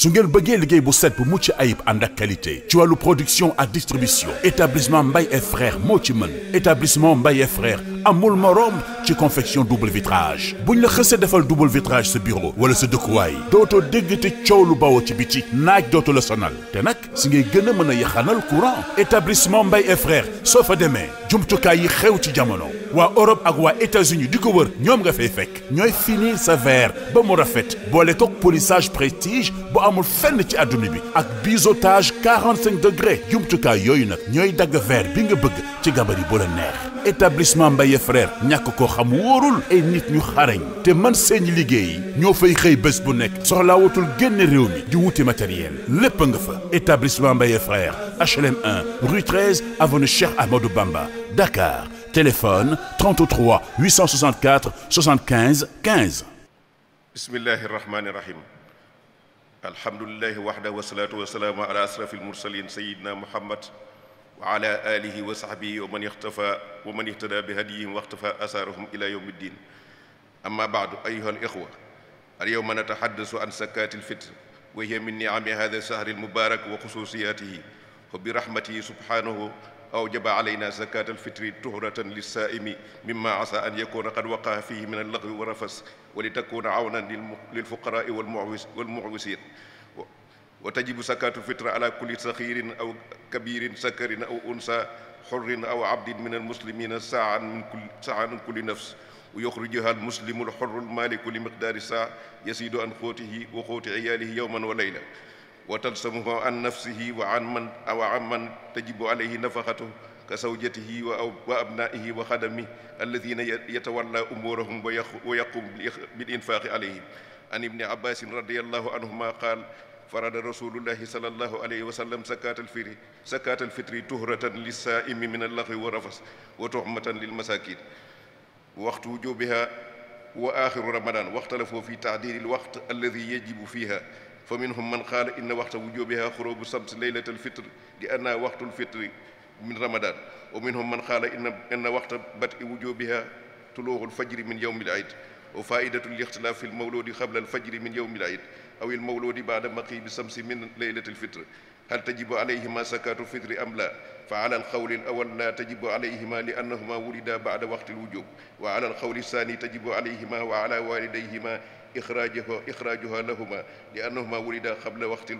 su ngeen bëggee liggéey bu set bu mucc ayib ànd ak qualité ci wàllu production ak distribution établissement mbay et frères moo ci mën établissement Mbaye et frères amul morom ci confection double vitrage buñ la xësee defal double vitrage sa bureau wala sa dëkkuwaay dooto dégg te coow lu bawoo ci biti naaj dootu la sonal te nag su ngay gën a mën a yaxanal courant établissement Mbaye et frères soo fa demee jumtukaay yi xew ci jamono waa Europe ak waa États-Unis di ko wër ñoom nga fay fekk ñooy finir sa verre ba mu rafet boole kook polissage prestige bu amul fenn ci adduna bi ak biseautage 45 degré jumtukaay yooyu nag ñooy dagg verre bi nga bëgg ci gabari bu la neex. établissement Mbaye frère ñàkk koo xam wóorul ay nit ñu xarañ te man seeni liggéey ñoo fay xëy bés bu nekk soxlaa watul génn réew mi di wuti matériel lépp nga fa établissement Mbaye frère HLM 1 rue 13 avenue Cheikh Amadou Bamba Dakar téléphone 33 864 75 15 bismillahi rahmani rahim alhamdulilahi waxda wasalaatu wasalaamu ala asrafi almursalin sayidna muhammad wa ala alihi wa sahbihi wa man ixtafa wa man ihtada bi hadiyihim wa ixtafa asaarahum ila yawmi ddin amma baadu ayuha alixwa alyawma nataxaddasu an sakaati alfitr wa hiya min niami hada alsahri almubarak wa xususiyatihi wa bi rahmatihi subhanahu awjaba alayna zakat alfitri tuhratan lilsaaimi mima asa an yakuna qad waqaa fihi min allaghwi wa rafas wa li takuna awnan lilfuqarai walmuwisiin wa tajibu zakatu lfitre ala kulli saxirin aw kabirin sakarin aw unsa xurrin aw abdin min almuslimina saaan min kulli saaan min kulli nafs yuxrijuha almuslimu alxurru almaliku li miqdaari saa yasidu an xóotihi wa xóoti ciyaalihi yowman wa layla wa talsamuhu an nafsihi wa an man wa an man tajibu alayhi nafaqatuhu ka zawjatihi wa abnaihi wa xadamihi alladina yatawalla umurahum wa yaqum bil infaaqi alayhim an ibni abbasin radiallahu anhuma qaal farada rasulullahi sallallahu alayhi wa sallam zakaatal fitri zakaatal fitri tuhratan lissaa'imi min allaxwi wa rafas wa tuhmatan lil masaakin waxtu wujubiha wa axiru ramadan waxtalafu fi taxdiril waxt alladi yajibu fiha fa minhum man qaala inna waxta wujubiha xurubu sams leylata alfitr li anna waxtu alfitri min ramadan wa minhum man qaala inna inna waxta bat i wujubiha tuluuxu alfajri min yowmi al iid wa faidatu lixtilaaf fi lmawludi qabla alfajri min yowmi al iid aw ilmawludi baada maqibi samsi min leylati alfitr hal tajibu alayhima sakatu lfitri am la fa ala alqawli alawal la tajibu alayhima li annahuma wulida baada waxti alwujub wa ala alqawli alsaani tajibu alayhima wa ala walidayhima إخراجه إخراجها لهما لأنهما ولدا قبل وقت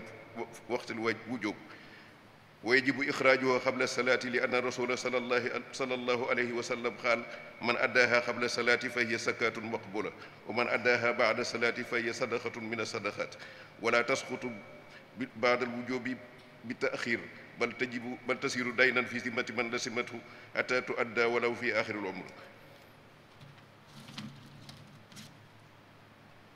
وقت الوجوب ويجب إخراجها قبل الصلاة لأن الرسول صلى الله صلى الله عليه وسلم قال من أداها قبل الصلاة فهي زكاة مقبولة ومن أداها بعد الصلاة فهي صدقة من الصدقات ولا تسقط بعد الوجوب بالتأخير بل تجب بل تسير دينا في ذمة من لزمته حتى تؤدى ولو في آخر العمر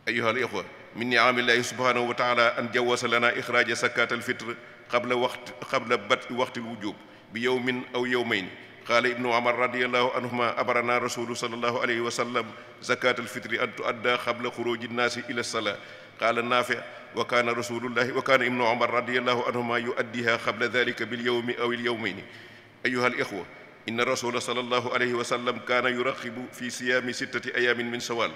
أيها الإخوة من نعم الله سبحانه وتعالى أن جوز لنا إخراج زكاة الفطر قبل وقت قبل بدء وقت الوجوب بيوم أو يومين قال ابن عمر رضي الله عنهما أمرنا رسول صلى الله عليه وسلم زكاة الفطر أن تؤدى قبل خروج الناس إلى الصلاة قال النافع وكان رسول الله وكان ابن عمر رضي الله عنهما يؤديها قبل ذلك باليوم أو اليومين أيها الإخوة إن الرسول صلى الله عليه وسلم كان يرغب في صيام ستة أيام من شوال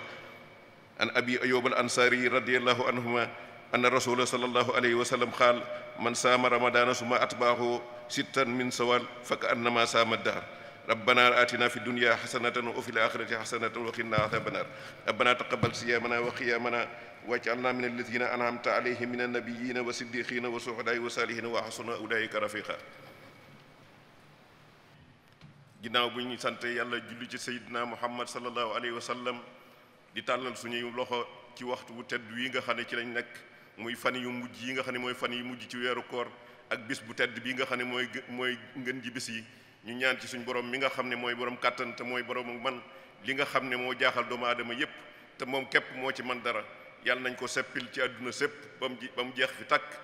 an abi ayub al ansaari radiallahu anhuma anna rasula sallallahu alayhi wa sallam qaal man saama ramadana suma atbaahu sittan min sawal fa ka annama saama daar rabbana atina fi dunya xasanatan wa fi laxirati xasanatan wa qina adaba naar rabbana taqabal siyamana wa qiyamana waj'alna min alladina an'amta alayhim min annabiyina wa siddiqina wa suhadaai wa saalihina wa xasuna ulaika rafiqa ginnaaw bu ñu sante yàlla julli ci sayidina muhammad sallallahu alayhi wa sallam di tàllal suñuy loxo ci waxtu wu tedd wii nga xam ne ci lañ nekk muy fan yu mujj yi nga xam ne mooy fan yu mujj ci weeru koor ak bis bu tedd bii nga xam ne mooy mooy ngën ji bis yi ñu ñaan ci suñu borom mi nga xam ne mooy borom kàttan mooy borom man li nga xam ne moo jaaxal doomu aadama yépp te moom képp moo ci man dara yàlla nañ ko seppil ci àdduna sépp ba mu ba mu jeex fi tàkk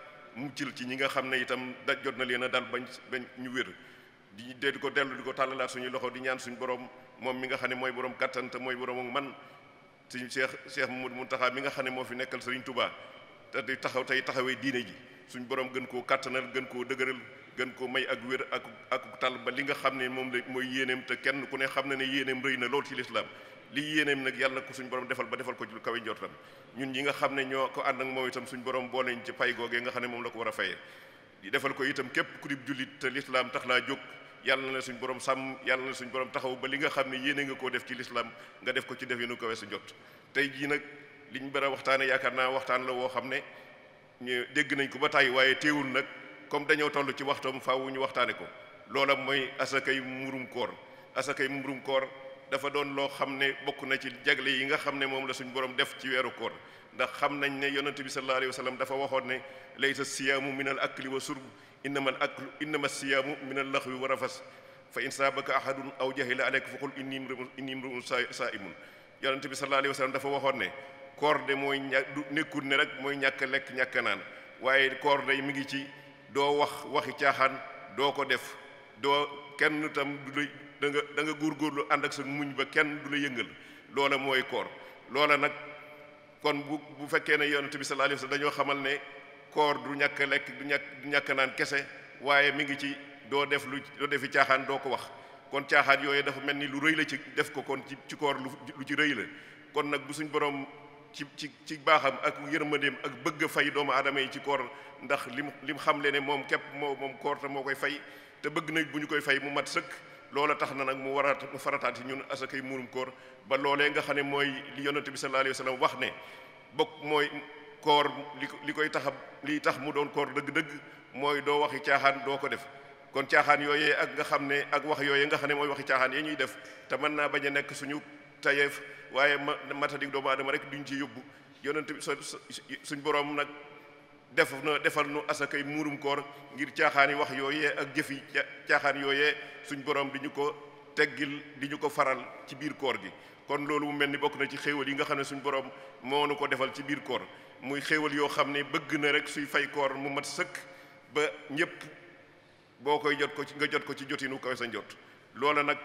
jël ci ñi nga xam ne itam da jot na leen a dal bañ bañ ñu wér di dee di ko dellu di ko tàllalaat suñuy loxo di ñaan suñu borom moom mi nga xam ne mooy borom kàttan mooy borom man sëñ Cheikh Cheikh mu taxaa mi nga xam ne moo fi nekkal sa sëriñ tubaa te di taxaw tey taxawee diine ji suñ borom gën koo kàttanal gën koo dëgëral gën koo may ak wér ak ak tal ba li nga xam ne moom la mooy yéeneem te kenn ku ne xam ne ne yéeneem rëy na lool ci lislaam li yéeneem nag yàlla na ko suñ borom defal ba defal ko ci lu kawe njortam ñun ñi nga xam ne ñoo ko ànd ak moom itam suñ borom boo nañ ci pay googee nga xam ne moom la ko war a fayee defal ko itam képp ku dib jullit te lislaam tax laa jóg yàlla na la suñ borom sàmm yàlla na suñ borom taxaw ba li nga xam ne yéene nga ko def ci lislaam nga def ko ci def yéenu ko weesu jot tey jii nag liñ bara waxtaane yaakaar naa waxtaan la woo xam ne ñu dégg nañ ko ba tàyyi waaye téewul nag comme dañoo toll ci waxtoom faaw ñu waxtaane ko loola mooy asakay murum koor asakay murum koor dafa doon loo xam ne bokk na ci jagle yi nga xam ne moom la suñu borom def ci weeru koor ndax xam nañ ne yonent bi sallallahu alayhi wa sallam dafa waxoon ne laysa siyaamu min al akli wa surb innama al aklu innama siyaamu min al laxwi wa rafas fa in saabaka ahadun aw jahila aleyka fa qul inni imru'un saa'imun yonent bi sallallahu alayhi wa sallam dafa waxoon ne koor mooy ña du ne rek mooy ñàkk lekk ñàkk naan waaye koor day mi ngi ci doo wax waxi caaxaan doo ko def doo kenn tam du danga nga da nga góorgóorlu ànd ak sa muñ ba kenn du la yëngal loola mooy koor loola nag kon bu bu fekkee ne yonent bi sallallahu alayhi dañoo xamal ne koor du ñàkk lekk du ñàkk du ñàkk naan kese waaye mi ngi ci doo def lu doo defi caaxaan doo ko wax kon caaxaan yooyu dafa mel ni lu rëy la ci def ko kon ci ci koor lu ci rëy la kon nag bu suñ borom ci ci ci baaxam ak yërmandeem ak bëgg a fay doomu aadama yi ci koor ndax lim lim xam le ne moom képp moo moom koor te moo koy fay te bëgg na bu ñu koy fay mu mat sëkk loola tax na nag mu war a mu farataat ci ñun asakay muurum koor ba loolee nga xam ne mooy li yonent bi sallallahu alayhi wa sallam wax ne bokk mooy koor li li koy tax liy tax mu doon koor dëgg-dëgg mooy doo waxi caaxaan doo ko def kon caaxaan yooyee ak nga xam ne ak wax yooyee nga xam ne mooy waxi caaxaan yi ñuy def te mën naa bañ a nekk suñu tayeef waaye ma matadik doomu aadama rek duñ ci yóbbu yonent bi suñ boroom nag def na defal nu asakay muurum koor ngir caaxaani wax yooyee ak jëfi caaxaan yooyee suñ boroom di ñu ko teggil di ñu ko faral ci biir koor gi kon loolu mu mel ni bokk na ci xéewal yi nga xam ne suñ borom moo nu ko defal ci biir koor muy xéewal yoo xam ne bëgg na rek suy fay koor mu mat sëkk ba ñépp boo koy jot ko ci nga jot ko ci jotinu kawe sa njot loola nag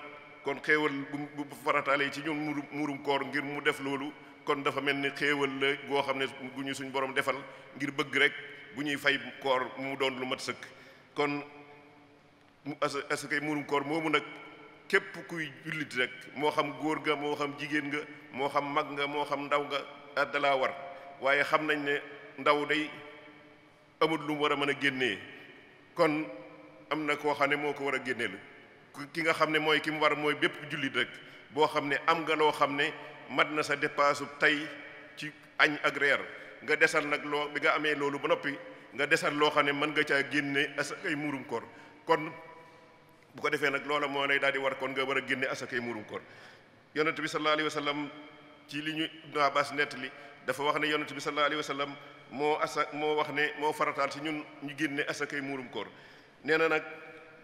kon xéewal bu bu farataalee ci ñun muurum muurum koor ngir mu def loolu kon dafa mel ni xéewal la goo xam ne gu ñu suñ borom defal ngir bëgg rek bu ñuy fay koor mu doon lu mat sëkk kon mu asakay muurum koor moomu nag képp kuy jullit rek moo xam góor ga moo xam jigéen nga moo xam mag nga moo xam ndaw nga ah, dalaa war waaye xam nañ ne ndaw day amul lu mu war a mën a génnee kon am na koo xam ne moo ko war a génnee génneel ki nga xam ne mooy ki mu war mooy bépp jullit rek boo xam ne am nga loo xam ne mat na sa dépense tey ci añ ak reer nga desal nag loo bi nga amee loolu ba noppi nga desal loo xam ne mën nga caa génne asakay muurum koor kon bu ko defee nag loola moo lay daal di war kon nga war a génne asakay muurum koor yonent bi sallallahu alayhi wa sallam ci li ñu Ibnu Abbas nettali dafa wax ne yonent bi sallallahu alayhi wa sallam moo asa moo wax ne moo farataal ci ñun ñu génne asakay muurum koor nee na nag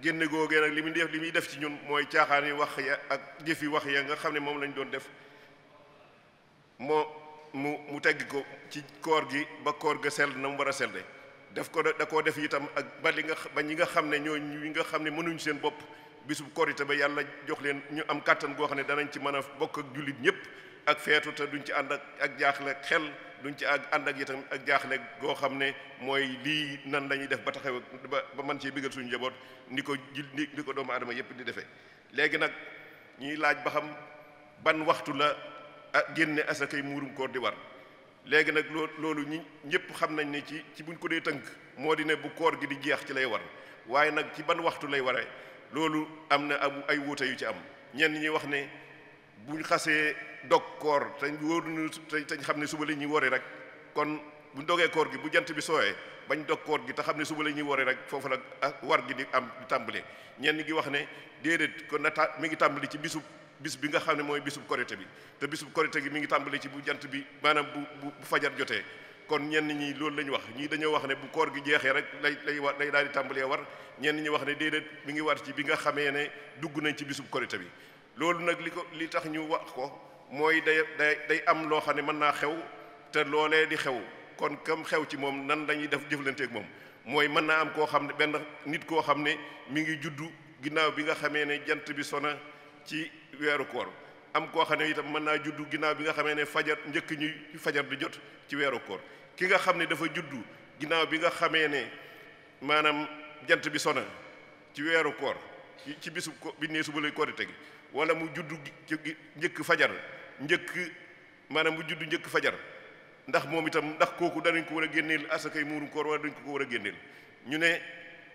génne googee nag li muy def li muy def ci ñun mooy caaxaan yi wax ya ak jëf wax ya nga xam ne moom lañ doon def moo mu mu tegg ko ci koor gi ba koor ga sell na mu war a selle def ko da koo def itam ak ba li nga ba ñi nga xam ne ñoo ñi nga xam ne mënuñu seen bopp bisub korite ba yàlla jox leen ñu am kàttan goo xam ne danañ ci mën a bokk ak jullit ñëpp ak feetu te duñ ci ànd ak ak jaaxle xel duñ ci ak ànd ak itam ak jaaxle goo xam ne mooy lii nan la def ba taxaw ba man mën cee bigal suñu njaboot ni ko jil ni ko doomu aadama yëpp di defee léegi nag ñuy laaj ba xam waxtu la Ah, génne asakay muurum koor di war léegi nag loo loolu ñi ñëpp xam nañ ne ci ci buñ ko dee tënk moo di ne bu koor gi di jeex ci lay war waaye nag ci ban waxtu lay ware loolu am na ab ay wuute yu ci am ñenn ñi wax ne buñ xasee dog koor te wóoruñu te xam ne suba la ñuy wari rek kon buñ dogee koor gi bu jant bi sooyee bañ dog gi te xam ne suba la ñuy wari rek foofu la ah, war gi di am di tàmbale ñenn gi wax ne déedéet kon na ta mi ngi tàmbali ci bisub bis bi nga xam ne mooy bisub korité bi te bisub korité gi mu ngi tàmbali ci bu jant bi maanaam bu bu fajar jotee kon ñenn ñi loolu la ñu wax ñii dañoo wax ne bu koor gi jeexee rek lay lay war lay daal di tàmbalee war ñenn ñi wax ne déedéet mu ngi war ci bi nga xamee ne dugg nañ ci bisub korité bi loolu nag li ko li tax ñu wax ko mooy day day day am loo xam ne mën naa xew te loolee di xew kon kam xew ci moom nan lañuy def jëflanteeg moom mooy mën naa am koo xam ne benn nit koo xam ne mi ngi juddu ginnaaw bi nga xamee ne jant bi sona ci weeru koor am koo xam ne itam mën naa juddu ginnaaw bi nga xamee ne fajar njëkk ñuy fajar bi jot ci weeru koor ki nga xam ne dafa juddu ginnaaw bi nga xamee ne maanaam jant bi sona ci weeru koor ci bisu bi nee suba lay koorite gi wala mu juddu njëkk fajar njëkk maanaam mu juddu njëkk fajar ndax moom itam ndax kooku danañ ko war a génneel asakay muurum koor wala dañ ko ko war a génneel ñu ne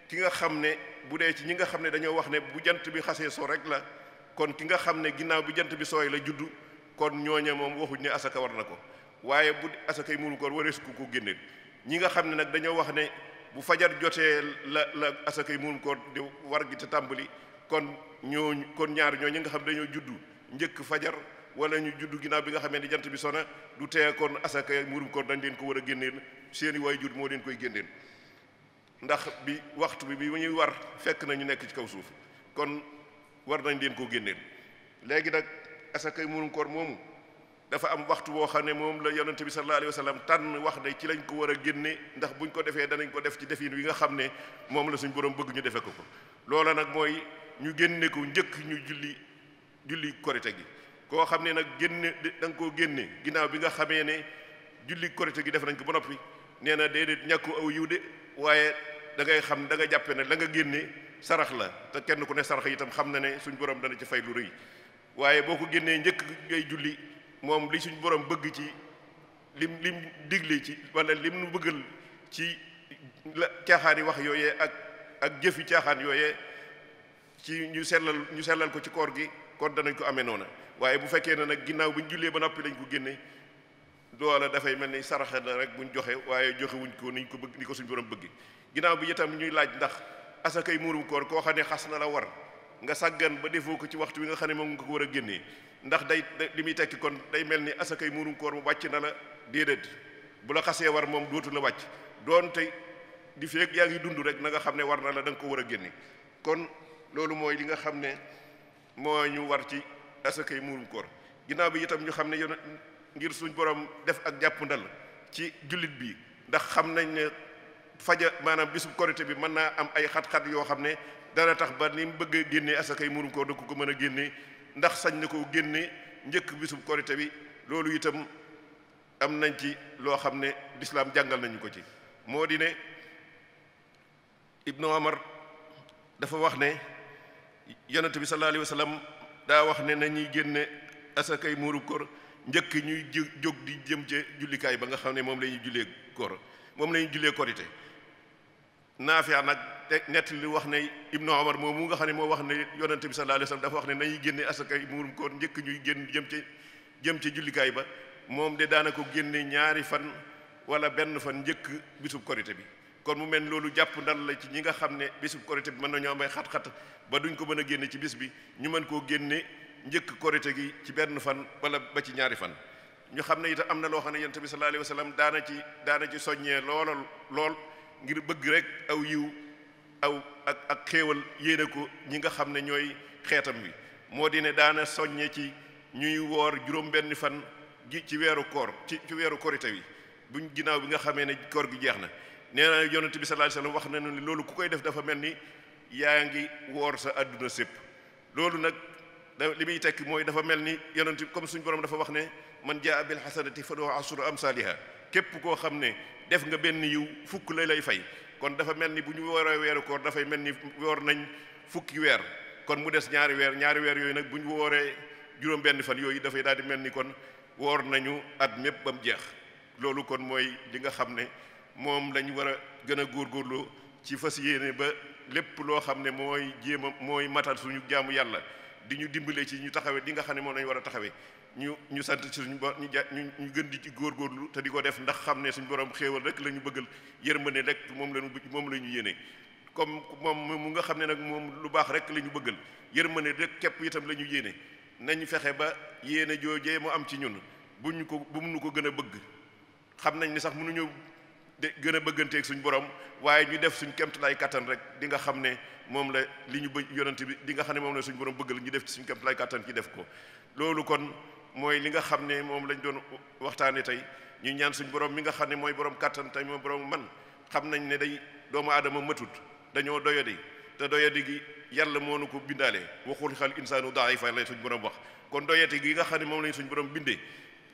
ki nga xam ne bu dee ci ñi nga xam ne dañoo wax ne bu jant bi xasee so rek la kon ki nga xam ne ginnaaw bi jant bi sooy la juddu kon ñooñe moom waxuñ ne asaka war na ko waaye bu asakay muru koor warees su ko génne ñi nga xam ne nag dañoo wax ne bu fajar jotee la la asakay muru koor di war gi te tàmbali kon ñooñu kon ñaar ñoo ñi nga xam ne dañoo juddu njëkk fajar wala ñu juddu ginnaaw bi nga xamee ni jant bi sona du tee kon asakay muru koor dañ leen ko war a génneel seeni waay judd moo leen koy génneel ndax bi waxtu bi bi ñuy war fekk na ñu nekk ci kaw suuf war nañ leen koo génnee léegi nag asakay murum koor moomu dafa am waxtu boo xam ne moom la yonente bi sallallahu alayhi wa sallam tànn wax ne ci lañ ko war a génne ndax buñ ko defee danañ ko def ci defin wi nga xam ne moom la suñ borom bëgg ñu defee ko ko loola nag mooy ñu génne ko njëkk ñu julli julli korite gi koo xam ne nag génne da nga koo génne ginnaaw bi nga xamee ne julli korite gi def nañ ko ba noppi nee na déedéet ñàkku aw yiw de waaye da ngay xam da nga jàppe ne la nga génne sarax la te kenn ku ne sarax yi itam xam na ne suñ borom dana ci fay lu rëy waaye boo ko génnee njëkk ngay julli moom li suñ borom bëgg ci lim lim digle ci wala lim nu bëggal ci la caaxaan yi wax yooyee ak ak jëf yi caaxaan yooyee ci ñu sellal ñu sellal ko ci koor gi kon danañ ko amee noona waaye bu fekkee ne nag ginnaaw bu ñu jullee ba noppi lañ ko génne loola dafay mel ni saraxa na bu buñ joxe waaye joxewuñ wuñ ko ko bëgg ni ko suñ borom bëgg ginnaaw bi itam ñuy laaj ndax asakay muurum koor koo xam ne xas na la war nga sàggan ba defoo ko ci waxtu wi nga xam ne moom nga ko war a génnee ndax day li muy tekki kon day mel ni asakay muurum koor mu wàcc na la déedéet bu la xasee war moom dootu la wàcc doonte di feeg yaa ngi dund rek na nga xam ne war na la danga ko war a génne kon loolu mooy li nga xam ne moo ñu war ci asakay muurum koor ginnaaw bi itam ñu xam ne yoon ngir suñ borom def ak jàpp ndal ci jullit bi ndax xam nañ ne faja maanaam bisub korité bi mën naa am ay xat-xat yoo xam ne dara tax ba ni mu bëgg a génne asakay mënu ko dëkk ko mën a génne ndax sañ na ko génne njëkk bisub korité bi loolu itam am nañ ci loo xam ne lislaam jàngal nañu ko ci moo di ne ibnu omar dafa wax ne yonent bi sallallahu alayhi wa sallam daa wax ne nañuy génne asakay muuru kor njëkk ñuy jóg di jëm ca jullikaay ba nga xam ne moom la ñuy jullee koor moom la ñuy jullee korité naafiya nag nettali wax ne ibnu omar moomu nga xam ne moo wax ne yonente bi sallallahu alayhi wasallam dafa wax ne nañuy génne asakay muurum koor njëkk ñuy génn jëm jëm ci jullikaay ba moom de daana ko génne ñaari fan wala benn fan njëkk bisub korite bi kon mu mel loolu jàpp ndal la ci ñi nga xam ne bisub korite bi mën nañoo am ay xat-xat ba duñ ko mën a génne ci bis bi ñu mën koo génne njëkk korite gi ci benn fan wala ba ci ñaari fan ñu xam ne itam am na loo xam ne yonente bi sallallahu alayhi wasallam daana ci daana ci soññee loolal lool ngir bëgg rek aw yiw aw ak ak xéewal yéene ko ñi nga xam ne ñooy xeetam wi moo di ne daana soññe ci ñuy woor juróom benn fan ji ci weeru koor ci weeru korite wi buñ ginnaaw bi nga xamee ne koor gi jeex na nee naa yonent bi sallallahu alayhi wasallam wax nañu ne loolu ku koy def dafa mel ni yaa ngi woor sa àdduna sépp loolu nag li muy tekki mooy dafa mel ni yonent comme suñu borom dafa wax ne man jaa bil hasanati falahu ashru amsaliha képp koo xam ne def nga benn yiw fukk la lay fay kon dafa mel ni bu ñu wooree weeru koor dafay mel ni woor nañ fukki weer kon mu des ñaari weer ñaari weer yooyu nag bu ñu wooree juróom benn fan yooyu dafay daal di mel ni kon woor nañu at mépp ba mu jeex loolu kon mooy li nga xam ne moom lañ war a gën a góor góorgóorlu ci fas yéene ba lépp loo xam ne mooy jéem a mooy matal suñu jaamu yàlla di ñu dimbale ci ñu taxawee di nga xam ne moom lañ war a taxawee ñu ñu sant ci suñu bor ñu ja ñu gën di ci góorgóorlu te di ko def ndax xam ne suñ borom xéewal rek la ñu bëggal yërmande rek moom la ñu moom la ñu yéene comme moom mu nga xam ne nag moom lu baax rek la ñu bëggal yërmande rek képp itam la ñu yéene nañ fexe ba yéene joojee mu am ci ñun bu ñu ko bu mu ko gën a bëgg xam nañ ne sax mënuñu de gën a bëgganteeg suñu borom waaye ñu def suñ kemtalaay kattan rek di nga xam ne moom la li ñu bë yonante bi di nga xam ne moom la suñu borom bëggal ñu def ci suñ lay kattan ci def ko loolu kon mooy li nga xam ne moom lañ doon waxtaane tey ñu ñaan suñ borom mi nga xam ne mooy borom kàttan tey mooy borom man xam nañ ne day doomu aadama matut dañoo doyadi te doyadi gi yàlla moo nu ko bindaale waxul xal insaanu daifa lay suñ borom wax kon doyati gi nga xam ne moom lañ suñ borom bindee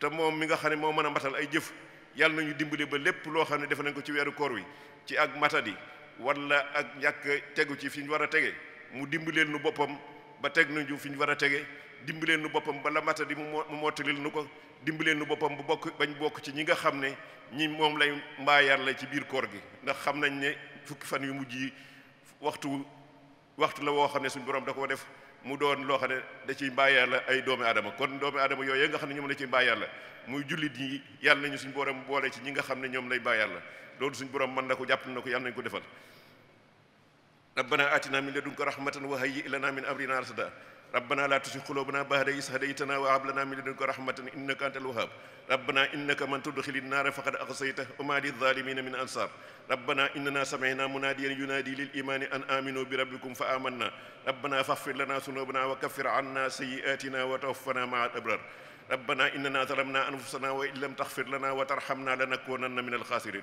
te moom mi nga xam ne moo mën a matal ay jëf yàlla nañu dimbale ba lépp loo xam ne def nañ ko ci weeru koor wi ci ak matadi wala ak ñàkk tegu ci fi ñu war a tege mu dimbaleel nu boppam ba teg nañu fi ñu war a tege dimbaleen nu boppam ba la mata di mu mottalil nu ko dimbaleen nu boppam bu bokk bañ bokk ci ñi nga xam ne ñi moom lay mbaayaan la ci biir koor gi ndax xam nañ ne fukki fan yu mujj yi waxtu waxtu la woo xam ne suñu borom da ko def mu doon loo xam ne da ciy mbaayaan la ay doomi aadama kon doomi aadama yooyu nga xam ne ñoom la ciy mbaayaan la muy jullit yi yàlla nañu suñu borom boole ci ñi nga xam ne ñoom lay mbaayaan la loolu suñu borom man na ko jàpp na ko yàlla nañu ko defal rabbana atina min ladunka rahmatan wa hayyi lana min amrina rashada rabbana la tusi qulubana ba'da is hadaytana wa hab lana min ladunka rahmatan innaka antal wahhab rabbana innaka man tudkhili an-nara faqad aghsaytahu wa ma lidh-dhalimina min ansar rabbana innana sami'na munadiyan yunadi lil imani an aminu bi rabbikum fa amanna rabbana faghfir lana dhunubana wa kaffir 'anna sayyi'atina wa tawaffana ma'a al-abrar rabbana innana zalamna anfusana wa in lam taghfir lana wa tarhamna lanakunanna min al-khasirin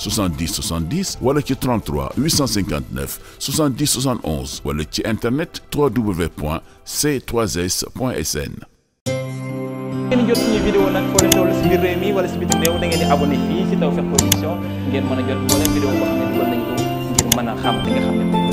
70 70 wala ci 33 859 70 71 wala ci internet www.c3s.sn. ngeen jot nii vidéo nag foo leen toll si wala si biti réew da ngeen di abonné fii si Tawfekh Production ngeen mën a jot ngir mën a xam li